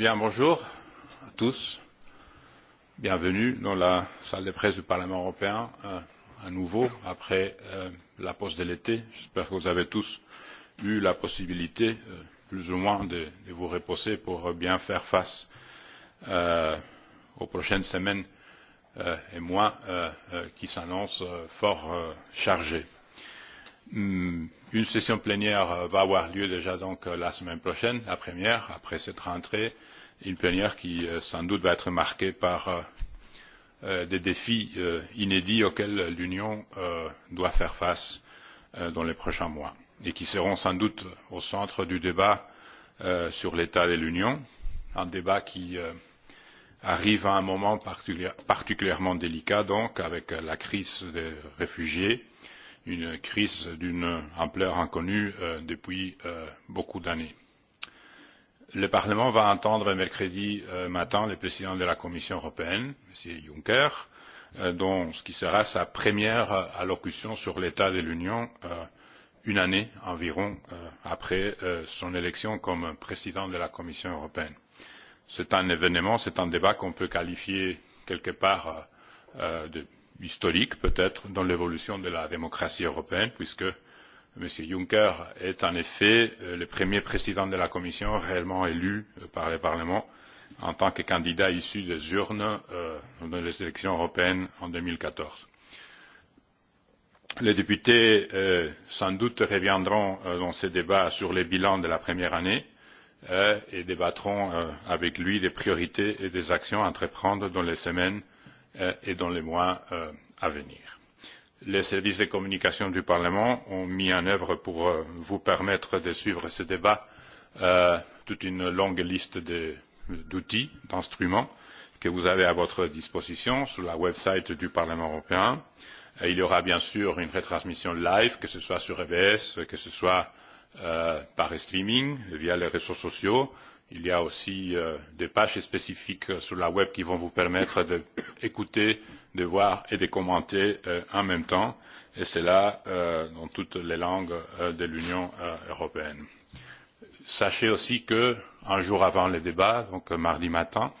Bien, bonjour à tous. Bienvenue dans la salle de presse du Parlement européen euh, à nouveau après euh, la pause de l'été. J'espère que vous avez tous eu la possibilité, euh, plus ou moins, de, de vous reposer pour bien faire face euh, aux prochaines semaines euh, et mois euh, euh, qui s'annoncent euh, fort euh, chargés. Hum, une session plénière euh, va avoir lieu déjà donc euh, la semaine prochaine, la première, après cette rentrée une plénière qui euh, sans doute va être marquée par euh, euh, des défis inédits auxquels l'Union doit faire face dans les prochains mois et qui seront sans doute au centre du débat sur l'état de l'Union, un débat qui arrive à un moment particulièrement délicat donc avec la crise des réfugiés, une crise d'une ampleur inconnue depuis beaucoup d'années. Le Parlement va entendre mercredi euh, matin le président de la Commission européenne, M. Juncker, euh, dont ce qui sera sa première euh, allocution sur l'état de l'Union une année environ après son élection comme président de la Commission européenne. C'est un événement, c'est un débat qu'on peut qualifier quelque part de historique peut-être dans l'évolution de la démocratie européenne puisque M. Juncker est en effet euh, le premier président de la Commission réellement élu euh, par le Parlement en tant que candidat issu des urnes euh, dans les élections européennes en 2014. Les députés euh, sans doute reviendront euh, dans ce débat sur les bilans de la première année euh, et débattront euh, avec lui des priorités et des actions à entreprendre dans les semaines euh, et dans les mois euh, à venir les services de communication du Parlement ont mis en œuvre pour euh, vous permettre de suivre ce débat euh, toute une longue liste d'outils, d'instruments que vous avez à votre disposition sur la website du Parlement européen. Et il y aura bien sûr une retransmission live, que ce soit sur EBS, que ce soit euh, par streaming, via les réseaux sociaux, Il y a aussi euh, des pages spécifiques euh, sur la web qui vont vous permettre d'écouter, de, de voir et de commenter euh, en même temps, et cela euh, dans toutes les langues euh, de l'Union euh, européenne. Sachez aussi que un jour avant le débat, donc mardi matin,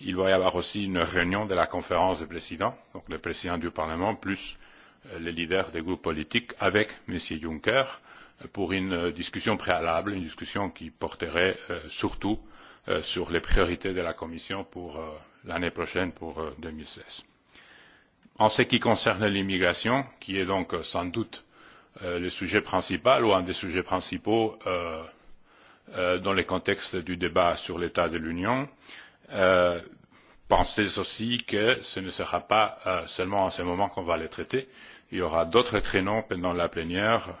il va y avoir aussi une réunion de la conférence des présidents, donc le président du Parlement plus euh, les leaders des groupes politiques avec M. Juncker. Euh, pour une euh, discussion préalable, une discussion qui porterait euh, surtout euh, sur les priorités de la Commission pour euh, l'année prochaine, pour euh, 2016. En ce qui concerne l'immigration, qui est donc euh, sans doute euh, le sujet principal ou un des sujets principaux euh, euh, dans le contexte du débat sur l'état de l'Union, euh, pensez aussi que ce ne sera pas euh, seulement en ce moment qu'on va les traiter. Il y aura d'autres créneaux pendant la plénière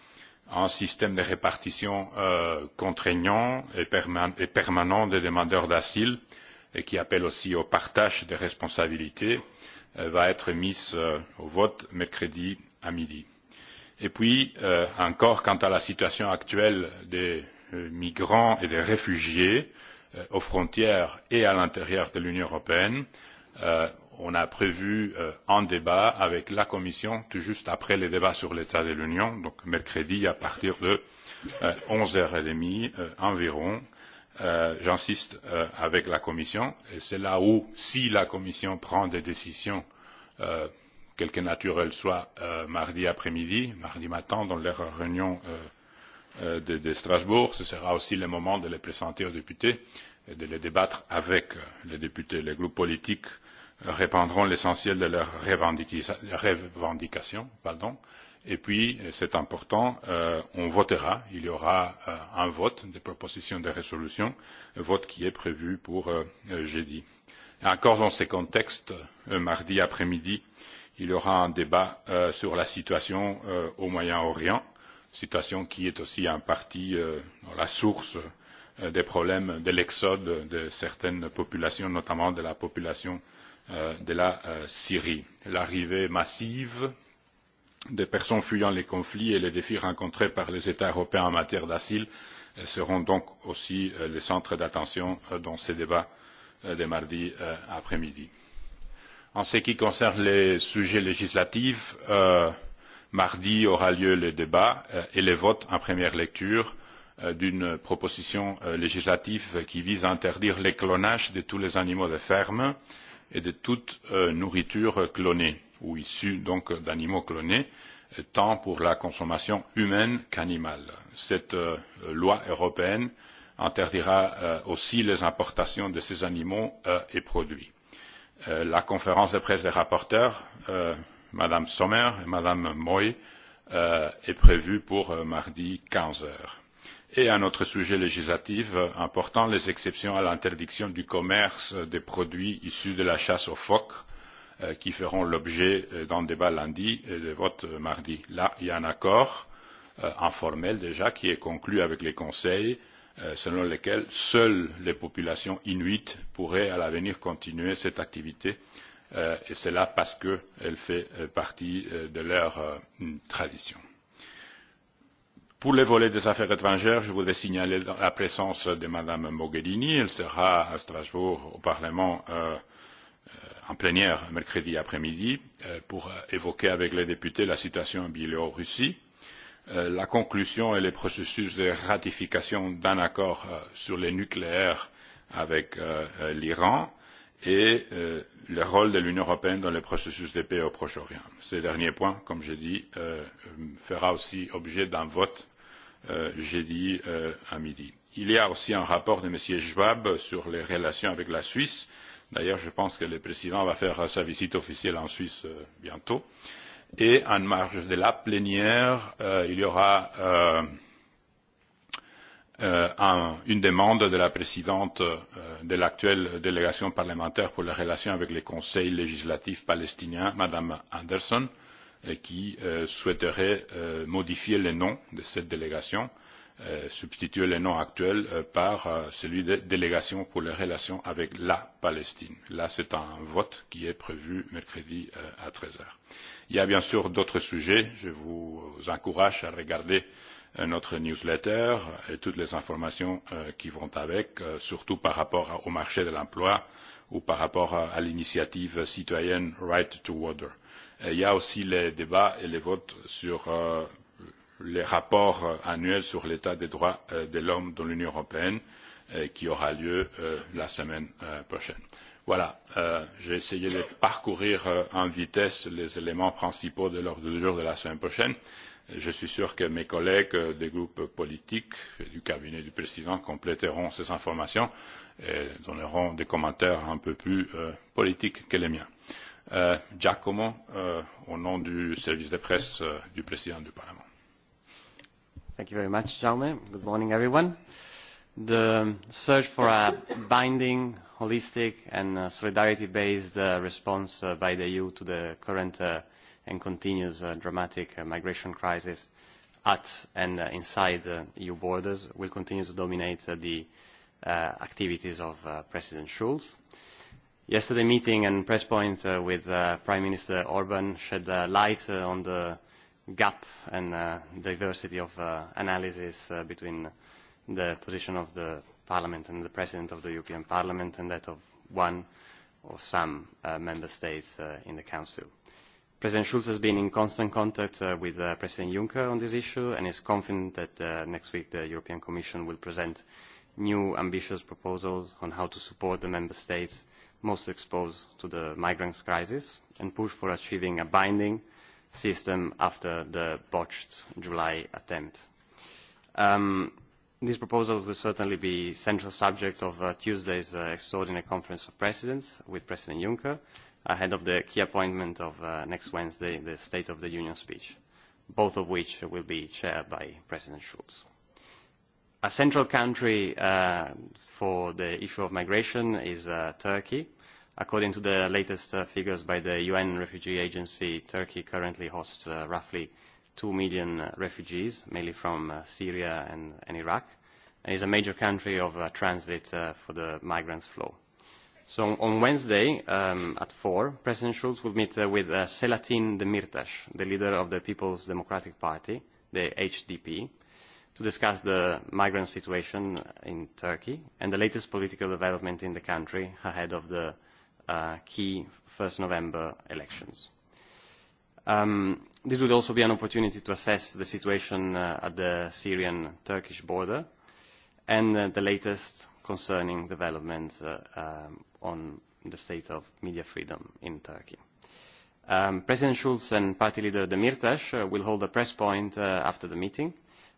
un système de répartition euh, contraignant et, perman et permanent des demandeurs d'asile et qui appelle aussi au partage des responsabilités euh, va être mis euh, au vote mercredi à midi. Et puis, euh, encore quant à la situation actuelle des euh, migrants et des réfugiés euh, aux frontières et à l'intérieur de l'Union européenne, euh, on a prévu euh, un débat avec la Commission tout juste après les débats sur l'état de l'Union, donc mercredi à partir de euh, 11h30 euh, environ. Euh, J'insiste euh, avec la Commission et c'est là où, si la Commission prend des décisions, euh, quelque naturelle soit euh, mardi après-midi, mardi matin dans leur réunion euh, euh, de, de Strasbourg, ce sera aussi le moment de les présenter aux députés et de les débattre avec euh, les députés, les groupes politiques répandront l'essentiel de leurs revendica revendications. Pardon. Et puis, c'est important, euh, on votera, il y aura euh, un vote des propositions de résolution, un vote qui est prévu pour euh, jeudi. Et encore dans ces contextes, euh, mardi après-midi, il y aura un débat euh, sur la situation euh, au Moyen-Orient, situation qui est aussi en partie euh, la source euh, des problèmes de l'exode de certaines populations, notamment de la population euh, Euh, de la euh, Syrie. L'arrivée massive des personnes fuyant les conflits et les défis rencontrés par les États européens en matière d'asile euh, seront donc aussi les centres d'attention dans ces débats de mardi après-midi. En ce qui concerne les sujets législatifs, euh, mardi aura lieu le débat et les votes en première lecture d'une proposition législative qui vise à interdire les clonages de tous les animaux de ferme euh, et de toute euh, nourriture clonée ou issue donc d'animaux clonés, tant pour la consommation humaine qu'animale. Cette euh, loi européenne interdira euh, aussi les importations de ces animaux euh, et produits. Euh, la conférence de presse des rapporteurs, euh, Madame Sommer et Madame Moy, euh, est prévue pour euh, mardi 15 heures et un autre sujet législatif important, les exceptions à l'interdiction du commerce des produits issus de la chasse aux phoques euh, qui feront l'objet euh, d'un débat lundi et de vote mardi. Là, il y a un accord euh, informel déjà qui est conclu avec les conseils euh, selon lequel seules les populations inuites pourraient à l'avenir continuer cette activité euh, et cela parce qu'elle fait euh, partie de leur euh, tradition. Pour le volet des affaires étrangères, je voudrais signaler la présence de madame Mogherini. Elle sera à Strasbourg au Parlement euh, euh, en plénière mercredi après-midi euh, pour évoquer avec les députés la situation en Biélorussie, euh, la conclusion et le processus de ratification d'un accord euh, sur le nucléaire avec euh, euh, l'Iran et euh, le rôle de l'Union européenne dans le processus de paix au Proche-Orient. Ce dernier point, comme j'ai dit, euh, fera aussi objet d'un vote euh, jeudi euh, à midi. Il y a aussi un rapport de M. Schwab sur les relations avec la Suisse. D'ailleurs, je pense que le président va faire sa visite officielle en Suisse euh, bientôt. Et en marge de la plénière, euh, il y aura euh, euh, un, une demande de la présidente euh, de l'actuelle délégation parlementaire pour les relations avec le Conseil législatif palestinien, Mme Anderson, euh, Euh, qui euh, souhaiterait euh, modifier le nom de cette délégation, euh, substituer le nom actuel euh, par euh, celui de délégation pour les relations avec la Palestine. Là, c'est un vote qui est prévu mercredi euh, à 13h. Il y a bien sûr d'autres sujets. Je vous encourage à regarder euh, notre newsletter et toutes les informations euh, qui vont avec, euh, surtout par rapport au marché de l'emploi, euh, ou par rapport à, l'initiative citoyenne Right to Water. Et il y a aussi les débats et les votes sur euh, les rapports euh, annuels sur l'état des droits euh, de l'homme dans l'Union européenne qui aura lieu la semaine prochaine. Voilà, euh, j'ai essayé de parcourir en vitesse les éléments principaux de l'ordre du jour de la semaine prochaine je suis sûr que mes collègues des groupes politiques du cabinet du président compléteront ces informations et donneront des commentaires un peu plus euh, politiques que les miens. Euh, Giacomo, euh, au nom du service de presse euh, du président du Parlement. Thank you very much, Jaume. Good morning, everyone. The search for a binding, holistic and uh, solidarity-based uh, response uh, by the EU to the current uh, and continuous uh, dramatic uh, migration crisis at and uh, inside uh, EU borders will continue to dominate uh, the uh, activities of uh, President Schulz. Yesterday meeting and press point uh, with uh, Prime Minister Orban shed uh, light uh, on the gap and uh, diversity of uh, analysis uh, between the position of the Parliament and the President of the European Parliament and that of one or some uh, member states uh, in the Council. President Schulz has been in constant contact uh, with uh, President Juncker on this issue and is confident that uh, next week the European Commission will present new ambitious proposals on how to support the member states most exposed to the migrants crisis and push for achieving a binding system after the botched July attempt. Um, these proposals will certainly be central subject of uh, Tuesday's uh, extraordinary conference of presidents with President Juncker ahead of the key appointment of uh, next Wednesday, the State of the Union speech, both of which will be chaired by President Schulz. A central country uh, for the issue of migration is uh, Turkey. According to the latest uh, figures by the UN Refugee Agency, Turkey currently hosts uh, roughly 2 million uh, refugees, mainly from uh, Syria and, and Iraq, and is a major country of uh, transit uh, for the migrants flow. So on Wednesday um, at 4, President Schulz will meet uh, with uh, Selatin Demirtas, the leader of the People's Democratic Party, the HDP, to discuss the migrant situation in Turkey and the latest political development in the country ahead of the uh, key 1st November elections. Um, this would also be an opportunity to assess the situation uh, at the Syrian-Turkish border and uh, the latest concerning developments uh, um, on the state of media freedom in Turkey. Um, President Schulz and party leader Demirtas uh, will hold a press point uh, after the meeting,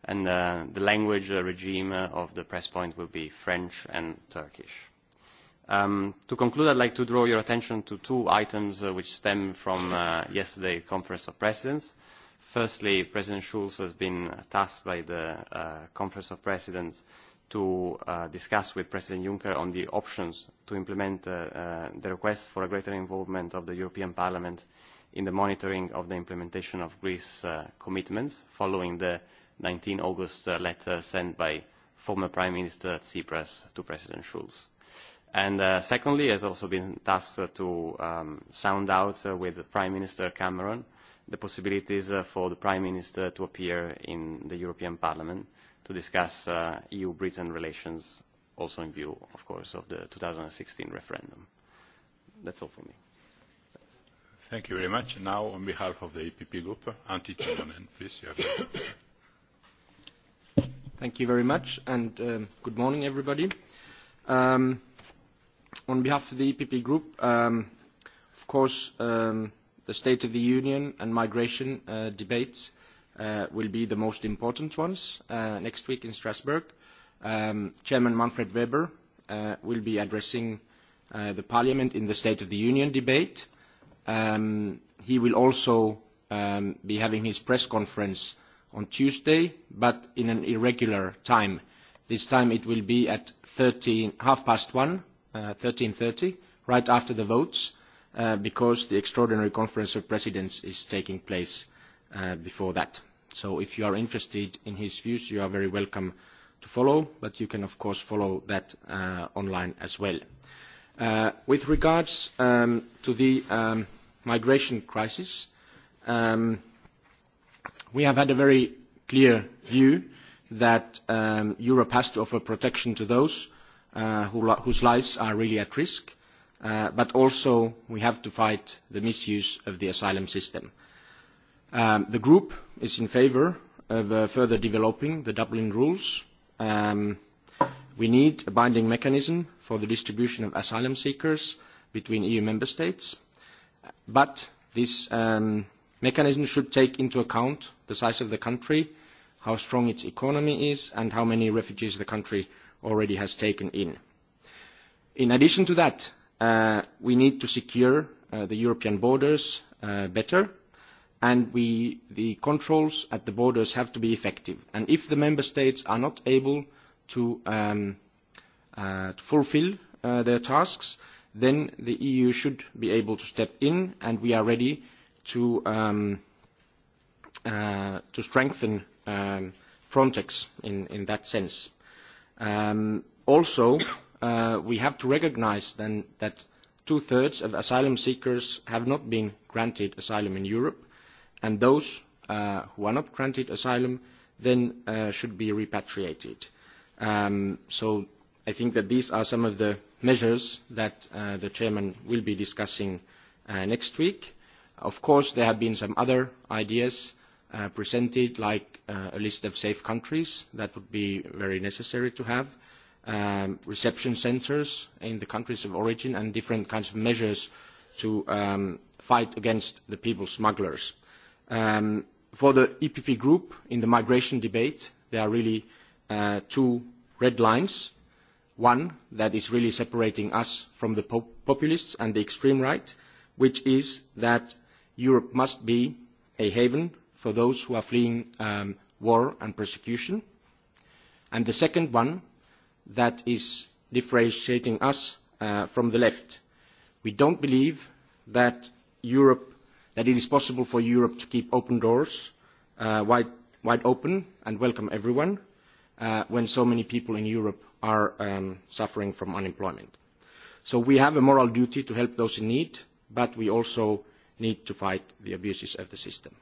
and uh, the language uh, regime uh, of the press point will be French and Turkish. Um, to conclude, I'd like to draw your attention to two items uh, which stem from uh, yesterday's Conference of Presidents. Firstly, President Schulz has been tasked by the uh, Conference of Presidents to uh, discuss with President Juncker on the options to implement uh, uh, the request for a greater involvement of the European Parliament in the monitoring of the implementation of Greece uh, commitments following the 19 August uh, letter sent by former Prime Minister Tsipras to President Schulz. And uh, secondly, has also been tasked uh, to um, sound out uh, with Prime Minister Cameron the possibilities uh, for the Prime Minister to appear in the European Parliament to discuss uh, EU-Britain relations, also in view, of course, of the 2016 referendum. That's all for me. Thank you very much. Now, on behalf of the EPP group, Antti Chidonen, please. You have Thank you very much, and uh, good morning, everybody. Um, on behalf of the EPP group, um, of course, um, the State of the Union and migration uh, debates – uh, will be the most important ones uh, next week in Strasbourg. Um, Chairman Manfred Weber uh, will be addressing uh, the Parliament in the State of the Union debate. Um, he will also um, be having his press conference on Tuesday, but in an irregular time. This time it will be at 13, half past one, uh, 13.30, right after the votes, uh, because the extraordinary conference of presidents is taking place Uh, before that. So if you are interested in his views, you are very welcome to follow, but you can of course follow that uh, online as well. Uh, with regards um, to the um, migration crisis, um, we have had a very clear view that um, Europe has to offer protection to those uh, who, whose lives are really at risk, uh, but also we have to fight the misuse of the asylum system. Uh, Um, the group is in favour of uh, further developing the Dublin rules. Um, we need a binding mechanism for the distribution of asylum seekers between EU member states, but this um, mechanism should take into account the size of the country, how strong its economy is, and how many refugees the country already has taken in. In addition to that, uh, we need to secure uh, the European borders uh, better and we, the controls at the borders have to be effective. And if the member states are not able to, um, uh, to fulfill uh, their tasks, then the EU should be able to step in, and we are ready to, um, uh, to strengthen um, Frontex in, in that sense. Um, also, uh, we have to recognize then that two-thirds of asylum seekers have not been granted asylum in Europe, and those uh, who are not granted asylum then uh, should be repatriated. Um, so I think that these are some of the measures that uh, the chairman will be discussing uh, next week. Of course, there have been some other ideas uh, presented, like uh, a list of safe countries that would be very necessary to have, um, reception centres in the countries of origin, and different kinds of measures to um, fight against the people smugglers. Um, for the EPP group, in the migration debate, there are really uh, two red lines. One that is really separating us from the pop populists and the extreme right, which is that Europe must be a haven for those who are fleeing um, war and persecution. And the second one that is differentiating us uh, from the left. We don't believe that Europe that it is possible for Europe to keep open doors uh, wide, wide open and welcome everyone uh, when so many people in Europe are um, suffering from unemployment. So we have a moral duty to help those in need, but we also need to fight the abuses of the system.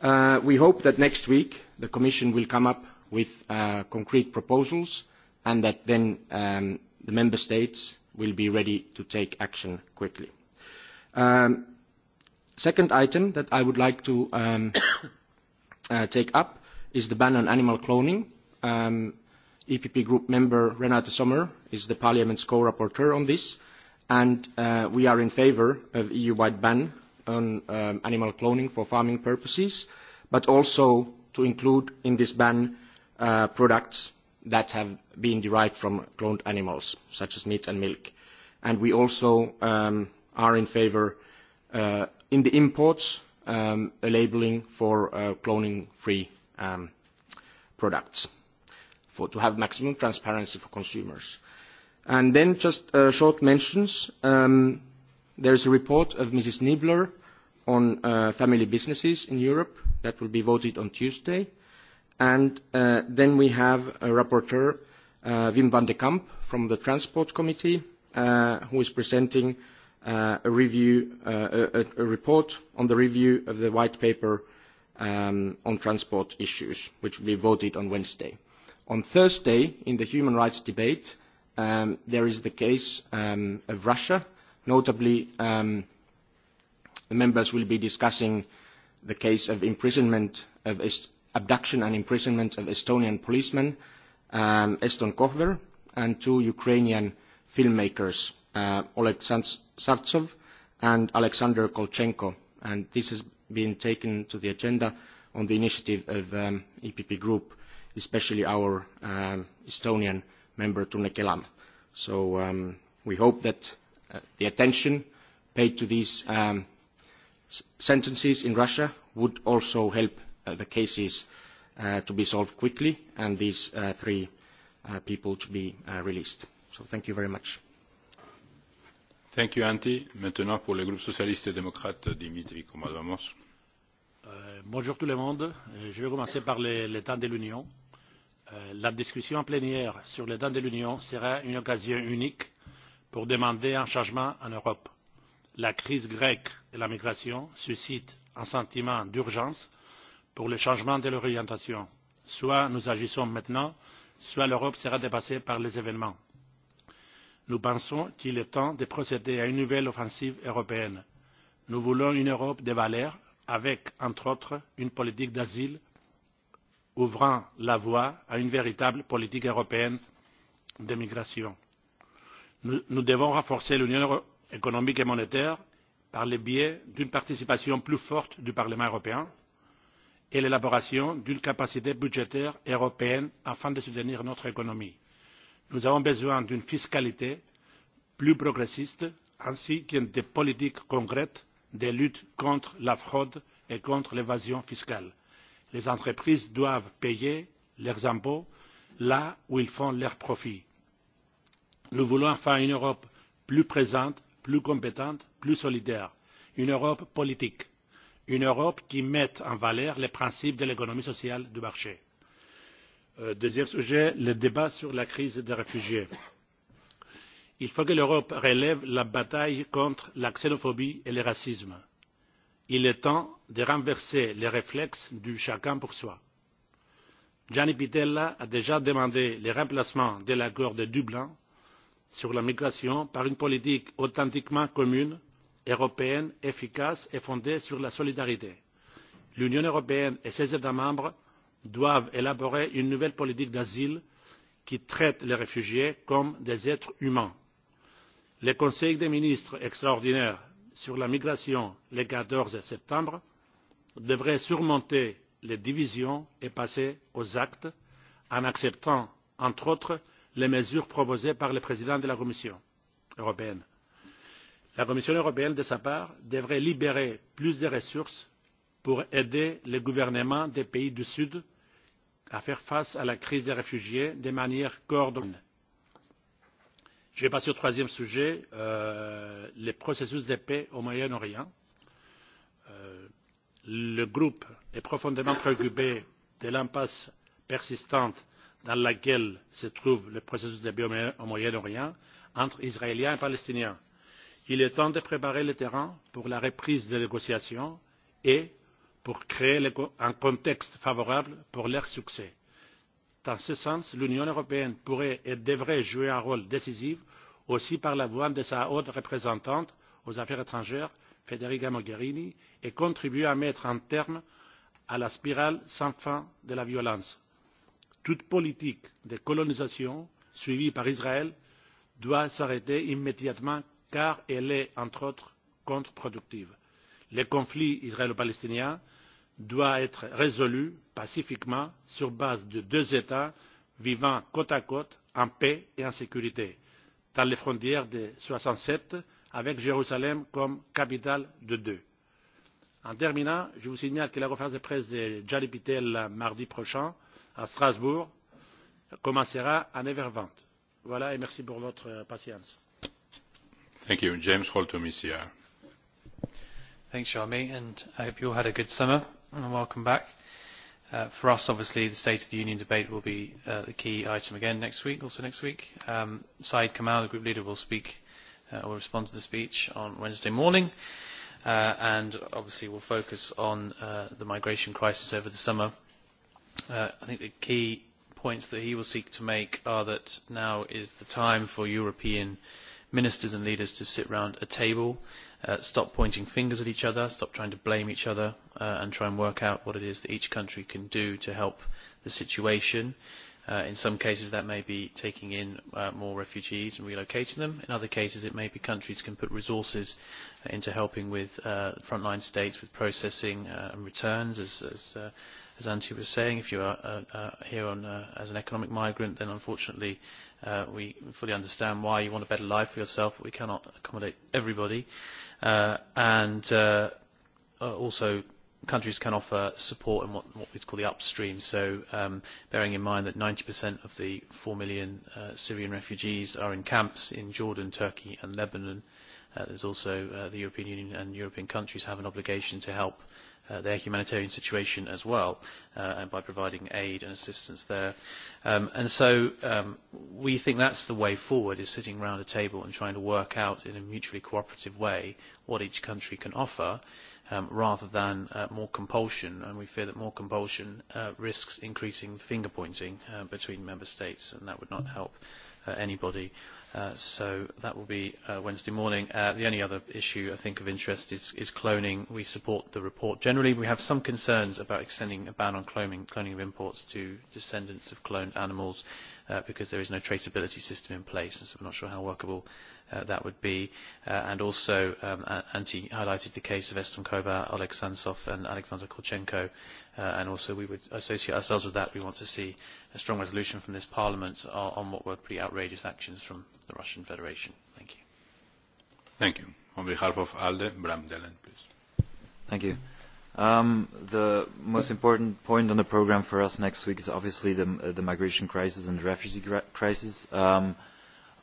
Uh, we hope that next week the Commission will come up with uh, concrete proposals and that then um, the Member States will be ready to take action quickly. Um, second item that I would like to um, uh, take up is the ban on animal cloning. Um, EPP group member Renate Sommer is the Parliament's co-rapporteur on this, and uh, we are in favour of EU-wide ban on um, animal cloning for farming purposes, but also to include in this ban uh, products that have been derived from cloned animals, such as meat and milk. And we also um, are in favour uh, in the imports um, a labeling for uh, cloning-free um, products for, to have maximum transparency for consumers. And then just uh, short mentions. Um, is a report of Mrs. Niebler on uh, family businesses in Europe that will be voted on Tuesday. And uh, then we have a rapporteur, uh, Wim van de Kamp from the Transport Committee, uh, who is presenting uh, uh, a review, uh, a, a report on the review of the white paper um, on transport issues, which will be voted on Wednesday. On Thursday, in the human rights debate, um, there is the case um, of Russia. Notably, um, the members will be discussing the case of imprisonment of Est abduction and imprisonment of Estonian policeman um, Eston Kohver and two Ukrainian filmmakers, uh, Oleg Sans Sartsov and Alexander Kolchenko, and this has been taken to the agenda on the initiative of um, EPP Group, especially our um, Estonian member Tune Kelam. So um, we hope that uh, the attention paid to these um, sentences in Russia would also help uh, the cases uh, to be solved quickly and these uh, three uh, people to be uh, released. So thank you very much. Thank you, Maintenant, pour le groupe socialiste et démocrate, Dimitri Komadamos. Euh, bonjour tout le monde. Euh, je vais commencer par les, les temps de l'Union. Euh, la discussion plénière sur les temps de l'Union sera une occasion unique pour demander un changement en Europe. La crise grecque et la migration suscitent un sentiment d'urgence pour le changement de l'orientation. Soit nous agissons maintenant, soit l'Europe sera dépassée par les événements nous pensons qu'il est temps de procéder à une nouvelle offensive européenne. Nous voulons une Europe des valeurs avec, entre autres, une politique d'asile ouvrant la voie à une véritable politique européenne de migration. Nous, nous devons renforcer l'Union économique et monétaire par le biais d'une participation plus forte du Parlement européen et l'élaboration d'une capacité budgétaire européenne afin de soutenir notre économie nous avons besoin d'une fiscalité plus progressiste ainsi que de politiques concrètes de lutte contre la fraude et contre l'évasion fiscale. Les entreprises doivent payer leurs impôts là où ils font leurs profits. Nous voulons enfin une Europe plus présente, plus compétente, plus solidaire, une Europe politique, une Europe qui mette en valeur les principes de l'économie sociale du marché deuxième sujet, le débat sur la crise des réfugiés. Il faut que l'Europe relève la bataille contre la xénophobie et le racisme. Il est temps de renverser les réflexes du chacun pour soi. Gianni Pitella a déjà demandé le remplacement de l'accord de Dublin sur la migration par une politique authentiquement commune, européenne, efficace et fondée sur la solidarité. L'Union européenne et ses États membres doivent élaborer une nouvelle politique d'asile qui traite les réfugiés comme des êtres humains. Le Conseil des ministres extraordinaire sur la migration le 14 septembre devrait surmonter les divisions et passer aux actes en acceptant, entre autres, les mesures proposées par le président de la Commission européenne. La Commission européenne, de sa part, devrait libérer plus de ressources pour aider les gouvernements des pays du Sud à faire face à la crise des réfugiés de manière coordonnée. Je vais passer au troisième sujet, euh, les processus de paix au Moyen-Orient. Euh, le groupe est profondément préoccupé de l'impasse persistante dans laquelle se trouve le processus de paix au Moyen-Orient entre Israéliens et Palestiniens. Il est temps de préparer le terrain pour la reprise des négociations et pour créer le, un contexte favorable pour leur succès. Dans ce sens, l'Union européenne pourrait et devrait jouer un rôle décisif aussi par la voix de sa haute représentante aux affaires étrangères, Federica Mogherini, et contribuer à mettre un terme à la spirale sans fin de la violence. Toute politique de colonisation suivie par Israël doit s'arrêter immédiatement car elle est, entre autres, contre-productive. Les conflits israélo-palestiniens doit être résolu pacifiquement sur base de deux États vivant côte à côte en paix et en sécurité, dans les frontières de 67, avec Jérusalem comme capitale de deux. En terminant, je vous signale que la conférence de presse de Jali Pitel euh, mardi prochain à Strasbourg commencera à 9h20. Voilà et merci pour votre euh, patience. Thank you. James Holtomisia. Thanks, Shami, and I hope you had a good summer and welcome back. Uh, for us, obviously, the State of the Union debate will be uh, the key item again next week, also next week. Um, Saeed Kamal, the group leader, will speak uh, will respond to the speech on Wednesday morning. Uh, and obviously we'll focus on uh, the migration crisis over the summer. Uh, I think the key points that he will seek to make are that now is the time for European ministers and leaders to sit round a table uh, stop pointing fingers at each other, stop trying to blame each other, uh, and try and work out what it is that each country can do to help the situation. Uh, in some cases that may be taking in uh, more refugees and relocating them. In other cases it may be countries can put resources into helping with uh, frontline states with processing uh, and returns as, as uh, as Antti was saying, if you are uh, uh, here on, uh, as an economic migrant, then unfortunately uh, we fully understand why you want a better life for yourself, but we cannot accommodate everybody uh, and uh, uh, also countries can offer support in what, what we call the upstream. So um, bearing in mind that 90% of the 4 million uh, Syrian refugees are in camps in Jordan, Turkey and Lebanon, uh, there's also uh, the European Union and European countries have an obligation to help uh, uh, their humanitarian situation as well uh, and by providing aid and assistance there. Um, and so um, we think that's the way forward is sitting around a table and trying to work out in a mutually cooperative way what each country can offer um, rather than uh, more compulsion and we fear that more compulsion uh, risks increasing finger pointing uh, between member states and that would not help uh, anybody. Uh, so that will be uh, Wednesday morning. Uh, the only other issue I think of interest is, is cloning. We support the report. Generally, we have some concerns about extending a ban on cloning, cloning of imports to descendants of cloned animals uh, because there is no traceability system in place, and so we're not sure how workable uh, that would be, uh, and also um, uh, Anti highlighted the case of Eston Kova, Oleg Sansov and Alexander Kolchenko, uh, and also we would associate ourselves with that. We want to see a strong resolution from this Parliament on, on what were pretty outrageous actions from the Russian Federation. Thank you. Thank you. On behalf of ALDE, Bram Delen, please. Thank you. Um, the most important point on the program for us next week is obviously the, uh, the migration crisis and the refugee crisis. Um,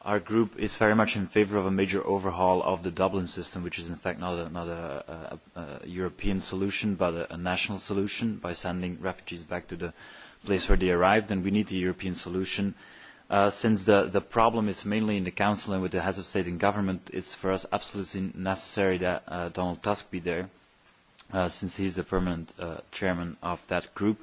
our group is very much in favor of a major overhaul of the Dublin system, which is in fact not a, not a, a, a European solution, but a, a national solution by sending refugees back to the place where they arrived, and we need the European solution. Uh, since the, the problem is mainly in the Council and with the heads of state and government, it's for us absolutely necessary that uh, Donald Tusk be there, uh, since he's the permanent uh, chairman of that group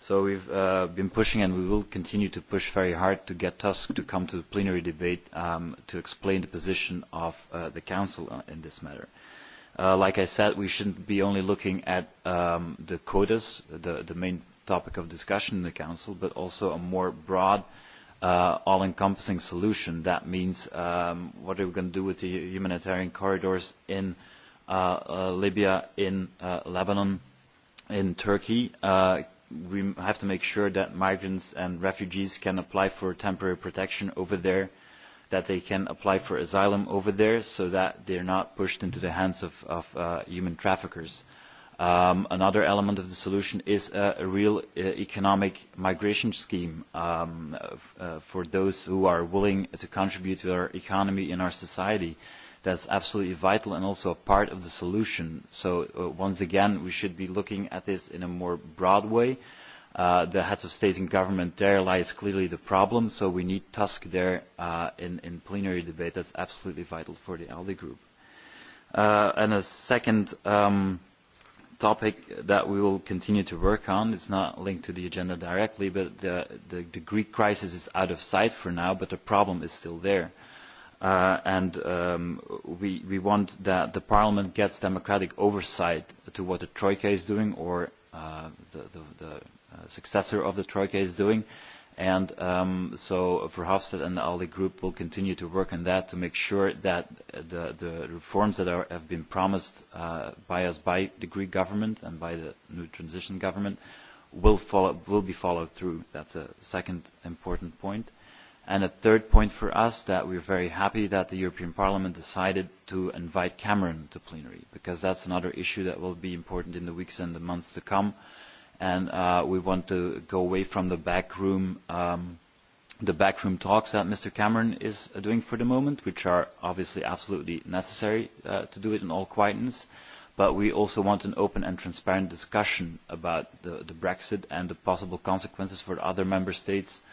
So we've uh, been pushing and we will continue to push very hard to get Tusk to come to the plenary debate um, to explain the position of uh, the Council uh, in this matter. Uh, like I said, we shouldn't be only looking at um, the quotas, the, the main topic of discussion in the Council, but also a more broad, uh, all-encompassing solution. That means um, what are we going to do with the humanitarian corridors in uh, uh, Libya, in uh, Lebanon, in Turkey? Uh, we have to make sure that migrants and refugees can apply for temporary protection over there, that they can apply for asylum over there so that they're not pushed into the hands of, of uh, human traffickers. Um, another element of the solution is a, a real uh, economic migration scheme um, uh, for those who are willing to contribute to our economy and our society that's absolutely vital and also a part of the solution. So uh, once again, we should be looking at this in a more broad way. Uh, the heads of state and government, there lies clearly the problem, so we need Tusk there uh, in, in plenary debate. That's absolutely vital for the ALDE group. Uh, and a second um, topic that we will continue to work on, it's not linked to the agenda directly, but the, the, the Greek crisis is out of sight for now, but the problem is still there. Uh, uh, and um, we, we want that the parliament gets democratic oversight to what the troika is doing or uh, the, the, the uh, successor of the troika is doing. And um, so Verhofstadt and the ALDE group will continue to work on that to make sure that the, the reforms that are, have been promised uh, by us, by the Greek government and by the new transition government, will, follow, will be followed through. That's a second important point. And a third point for us that we're very happy that the European Parliament decided to invite Cameron to plenary because that's another issue that will be important in the weeks and the months to come. And uh, we want to go away from the backroom, um, the backroom talks that Mr. Cameron is uh, doing for the moment, which are obviously absolutely necessary uh, to do it in all quietness. But we also want an open and transparent discussion about the, the Brexit and the possible consequences for other member states –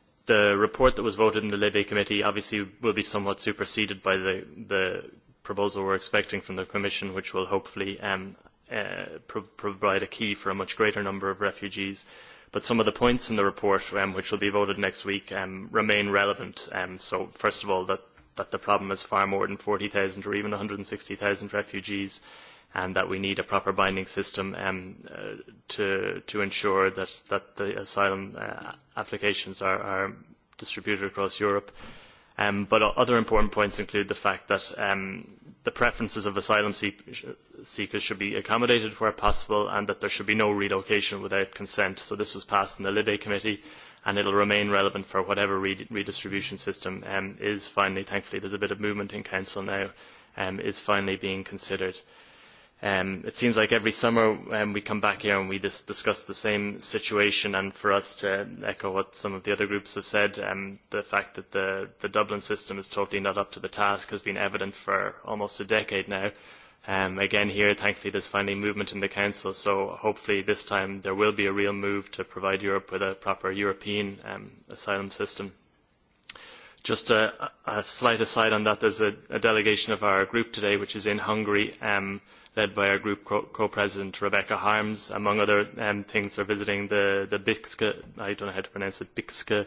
the report that was voted in the Levy Committee obviously will be somewhat superseded by the, the proposal we're expecting from the Commission, which will hopefully um, uh, pro provide a key for a much greater number of refugees. But some of the points in the report, um, which will be voted next week, um, remain relevant. Um, so, first of all, that, that the problem is far more than 40,000 or even 160,000 refugees and that we need a proper binding system um, uh, to, to ensure that, that the asylum uh, applications are, are distributed across Europe. Um, but other important points include the fact that um, the preferences of asylum seekers should be accommodated where possible and that there should be no relocation without consent. So this was passed in the Libe Committee and it will remain relevant for whatever re redistribution system um, is finally, thankfully, there's a bit of movement in Council now, um, is finally being considered. Um, it seems like every summer um, we come back here and we dis discuss the same situation and for us to echo what some of the other groups have said, um, the fact that the, the Dublin system is totally not up to the task has been evident for almost a decade now. Um, again here, thankfully, there's finally movement in the Council, so hopefully this time there will be a real move to provide Europe with a proper European um, asylum system. Just a, a slight aside on that, there's a, a delegation of our group today which is in Hungary. Um, led by our group co-president -co Rebecca Harms. Among other um, things, they're visiting the, the Bixke, I don't know how to pronounce it, Bixke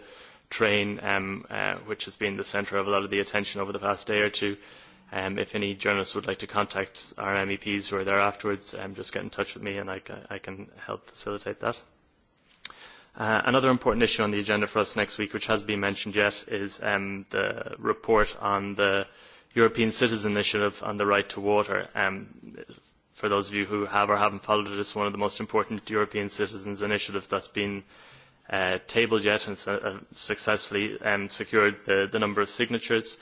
train, um, uh, which has been the centre of a lot of the attention over the past day or two. Um, if any journalists would like to contact our MEPs who are there afterwards, um, just get in touch with me and I, I can help facilitate that. Uh, another important issue on the agenda for us next week, which has been mentioned yet, is um, the report on the European Citizen Initiative on the Right to Water. Um, for those of you who have or haven't followed it, it's one of the most important European Citizens Initiatives that's been uh, tabled yet and uh, successfully um, secured the, the number of signatures.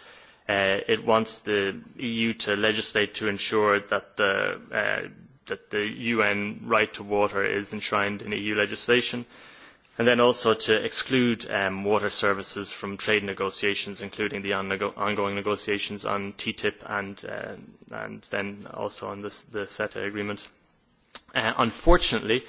Uh, it wants the EU to legislate to ensure that the, uh, that the UN right to water is enshrined in EU legislation. Uh, and then also to exclude um, water services from trade negotiations, including the on ongoing negotiations on TTIP and, uh, and then also on this, the CETA agreement. Uh, unfortunately,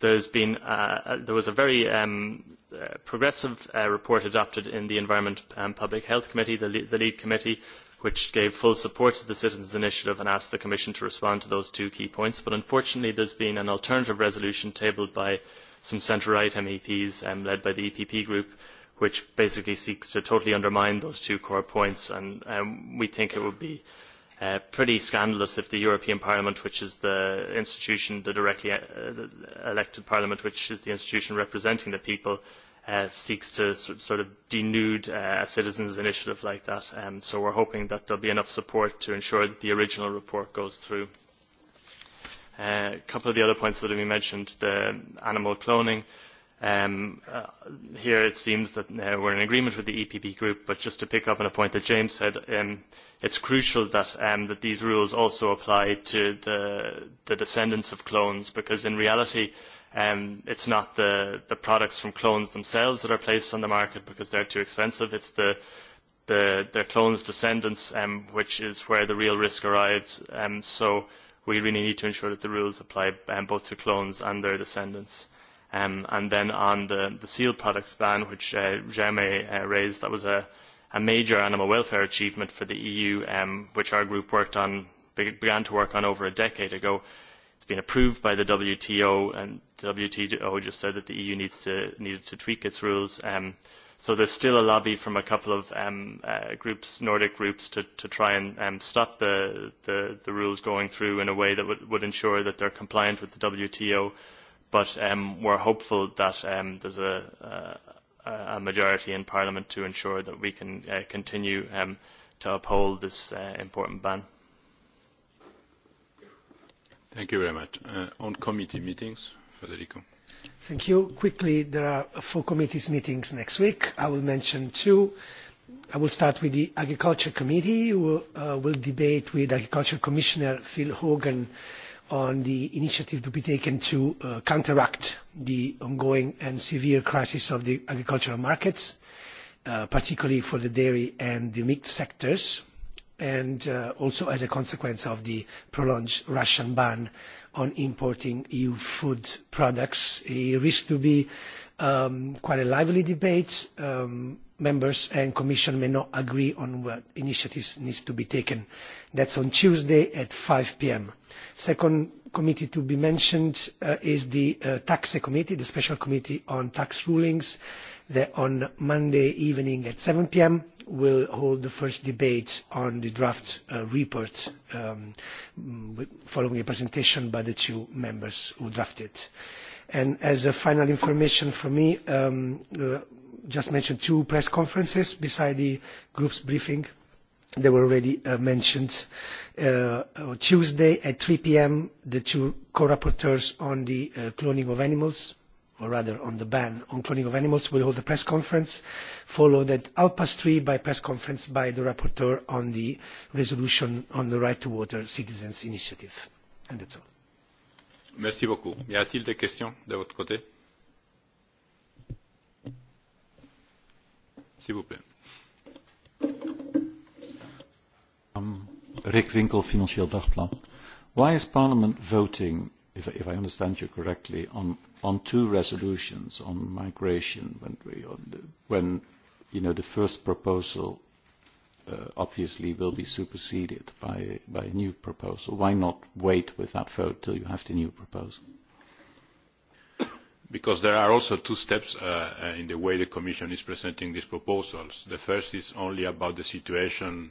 there's been, uh, uh there was a very um, uh, progressive uh, report adopted in the Environment and Public Health Committee, the, le the lead committee, which gave full support to the Citizens' Initiative and asked the Commission to respond to those two key points. But unfortunately, there has been an alternative resolution tabled by some centre-right MEPs um, led by the EPP group, which basically seeks to totally undermine those two core points. And um, we think it would be uh, pretty scandalous if the European Parliament, which is the institution, the directly uh, the elected Parliament, which is the institution representing the people, uh, seeks to sort of denude uh, a citizens' initiative like that. Um, so we're hoping that there'll be enough support to ensure that the original report goes through. Uh, a couple of the other points that we mentioned, the animal cloning. Um, uh, here it seems that uh, we're in agreement with the EPP group, but just to pick up on a point that James said, um, it's crucial that, um, that these rules also apply to the, the descendants of clones, because in reality, Um, it's not the, the products from clones themselves that are placed on the market because they're too expensive. It's the, the, the clones' descendants, um, which is where the real risk arrives. Um, so we really need to ensure that the rules apply um, both to clones and their descendants. Um, and then on the, the seal products ban, which uh, Jeremy uh, raised, that was a, a major animal welfare achievement for the EU, um, which our group worked on, began to work on over a decade ago It's been approved by the WTO, and the WTO just said that the EU needs to, needed to tweak its rules. Um, so there's still a lobby from a couple of um, uh, groups, Nordic groups, to, to try and um, stop the, the, the rules going through in a way that would, would ensure that they're compliant with the WTO. But um, we're hopeful that um, there's a, a, a majority in Parliament to ensure that we can uh, continue um, to uphold this uh, important ban. Thank you very much. Uh, on committee meetings, Federico. Thank you. Quickly, there are four committees meetings next week. I will mention two. I will start with the Agriculture Committee. We uh, will debate with Agriculture Commissioner Phil Hogan on the initiative to be taken to uh, counteract the ongoing and severe crisis of the agricultural markets, uh, particularly for the dairy and the meat sectors and uh, also as a consequence of the prolonged Russian ban on importing EU food products. It risks to be um, quite a lively debate. Um, members and Commission may not agree on what initiatives need to be taken. That's on Tuesday at 5 p.m. Second committee to be mentioned uh, is the uh, Taxe Committee, the Special Committee on Tax Rulings that on Monday evening at 7 p.m. we'll hold the first debate on the draft uh, report um, following a presentation by the two members who drafted. And as a final information for me, um, uh, just mentioned two press conferences beside the group's briefing they were already uh, mentioned. Uh, Tuesday at 3 p.m., the two co-rapporteurs on the uh, cloning of animals or rather on the ban on cloning of animals will hold a press conference followed at half past three by press conference by the rapporteur on the resolution on the right to water citizens initiative and that's all merci beaucoup y a-t-il des questions de votre côté s'il vous plaît um, Rick Winkel, Financieel Dagblad. Why is Parliament voting if, if I understand you correctly, on, on two resolutions on migration, when, we, when you know, the first proposal uh, obviously will be superseded by, by a new proposal. Why not wait with that vote till you have the new proposal? Because there are also two steps uh, uh in the way the Commission is presenting these proposals. The first is only about the situation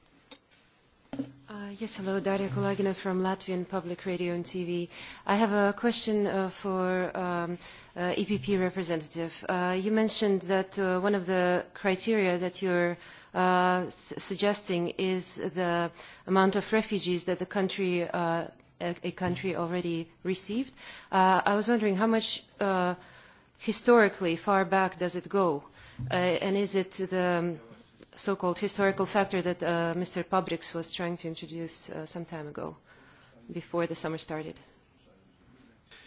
Uh, yes, hello, Daria Kolagina from Latvian Public Radio and TV. I have a question uh, for um, uh, EPP representative. Uh, you mentioned that uh, one of the criteria that you're uh, s suggesting is the amount of refugees that the country, uh, a, a country already received. Uh, I was wondering how much uh, historically far back does it go? Uh, and is it the... Um, so-called historical factor that uh, Mr. Pabriks was trying to introduce uh, some time ago, before the summer started.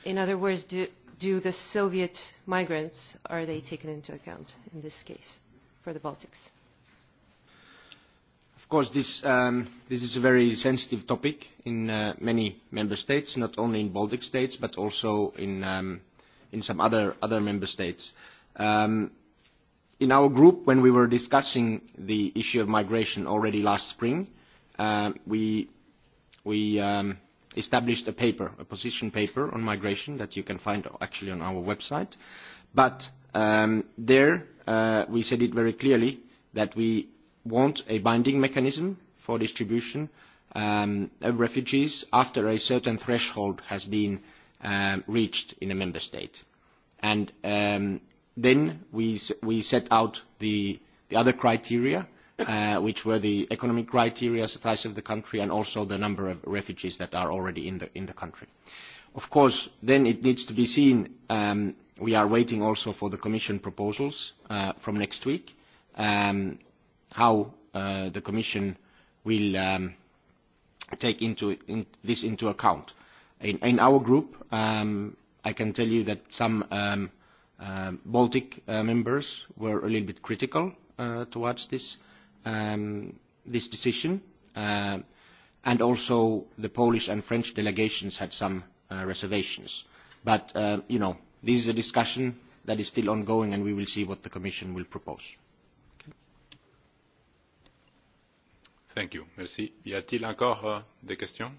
In other words, do, do the Soviet migrants, are they taken into account in this case for the Baltics? Of course, this, um, this is a very sensitive topic in uh, many member states, not only in Baltic states, but also in, um, in some other, other member states. Um, in our group, when we were discussing the issue of migration already last spring, uh, we, we um, established a paper, a position paper on migration that you can find actually on our website. But um, there uh, we said it very clearly that we want a binding mechanism for distribution um, of refugees after a certain threshold has been um, reached in a member state. And um, Then we, we set out the, the other criteria, uh, which were the economic criteria, the size of the country, and also the number of refugees that are already in the, in the country. Of course, then it needs to be seen, um, we are waiting also for the Commission proposals uh, from next week, um, how uh, the Commission will um, take into, in, this into account. In, in our group, um, I can tell you that some um, – Um, Baltic uh, members were a little bit critical uh, towards this, um, this decision, uh, and also the Polish and French delegations had some uh, reservations. But, uh, you know, this is a discussion that is still ongoing, and we will see what the Commission will propose. Thank you. Merci. Y a-t-il encore uh, des questions